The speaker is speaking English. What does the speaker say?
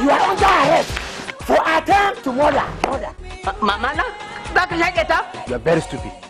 You are under arrest for attempt to murder. Murder. Uh, Mama, back like it up. You are very stupid.